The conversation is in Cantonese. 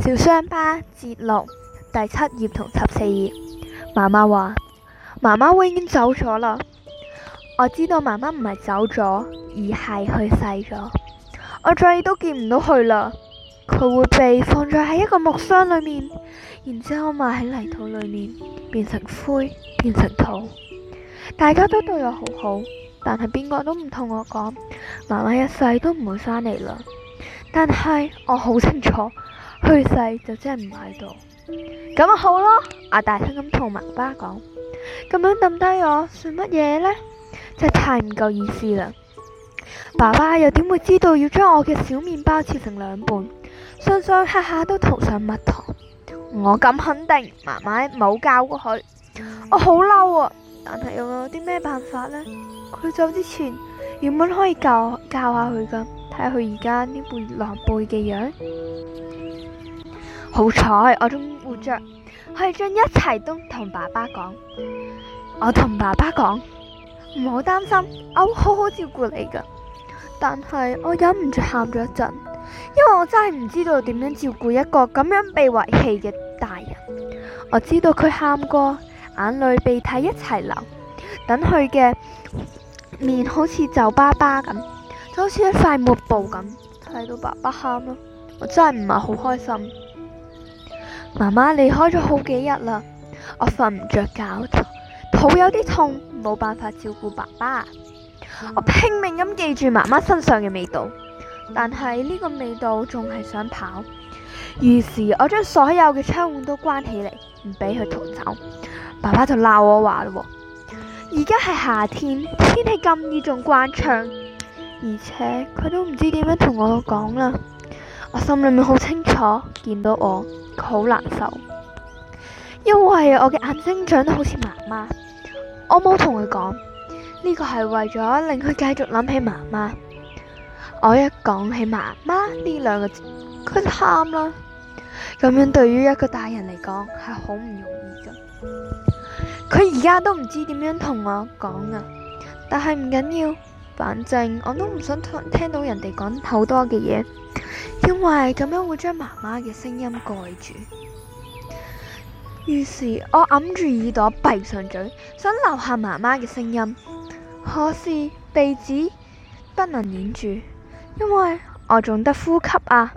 小傷疤節錄第七頁同十四頁。媽媽話：媽媽已經走咗啦。我知道媽媽唔係走咗，而係去世咗。我再都見唔到佢啦。佢會被放在喺一個木箱裏面，然之後埋喺泥土裏面，變成灰，變成土。大家都對我好好，但係邊個都唔同我講，媽媽一世都唔會翻嚟啦。但係我好清楚。去世就真係唔喺度，咁啊好咯！我大聲咁同媽媽講，咁樣抌低我算乜嘢呢？真係太唔夠意思啦！爸爸又點會知道要將我嘅小麵包切成兩半，上上下下都塗上蜜糖？我敢肯定，媽媽冇教過佢。我好嬲啊！但係又有啲咩辦法呢？佢走之前原本可以教教下佢噶，睇下佢而家呢半狼狽嘅樣。好彩我仲活着，可以將一切都同爸爸講。我同爸爸講，唔好擔心，我會好好照顧你㗎。但係我忍唔住喊咗一陣，因為我真係唔知道點樣照顧一個咁樣被遺棄嘅大人。我知道佢喊過，眼淚鼻涕一齊流，等佢嘅面好似皺巴巴咁，就好似一塊抹布咁。睇到爸爸喊咯，我真係唔係好開心。媽媽離開咗好幾日啦，我瞓唔着覺，肚有啲痛，冇辦法照顧爸爸。我拼命咁記住媽媽身上嘅味道，但係呢個味道仲係想跑。於是，我將所有嘅窗戶都關起嚟，唔俾佢逃走。爸爸就鬧我話嘞喎：，而家係夏天，天氣咁熱，仲關窗，而且佢都唔知點樣同我講啦。我心裏面好清楚，見到我。好難受，因為我嘅眼睛長得好似媽媽，我冇同佢講呢個係為咗令佢繼續諗起媽媽。我一講起媽媽呢兩個字，佢喊啦。咁樣對於一個大人嚟講係好唔容易㗎。佢而家都唔知點樣同我講啊，但係唔緊要。反正我都唔想聽，聽到人哋講好多嘅嘢，因為咁樣會將媽媽嘅聲音蓋住。於是，我揞住耳朵，閉上嘴，想留下媽媽嘅聲音。可是，鼻子不能掩住，因為我仲得呼吸啊。